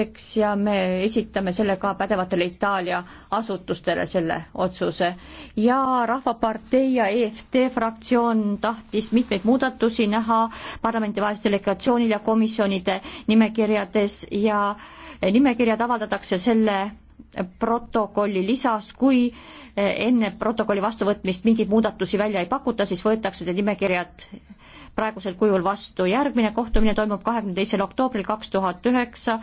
eks ja me esitame selle ka pädevatele Itaalia asutustele, selle otsuse. ja Rahvapartei ja EFT fraktsioon tahtis mitmeid muudatusi näha parlamendivahelise delegatsioonil ja komisjonide nimekirjades ja nimekirjad avaldatakse selle protokolli lisas, kui enne protokolli vastuvõtmist mingeid muudatusi välja ei pakuta, siis võetakse need nimekirjad praegusel kujul vastu. järgmine kohtumine toimub kahekümne teisel oktoobril kaks tuhat üheksa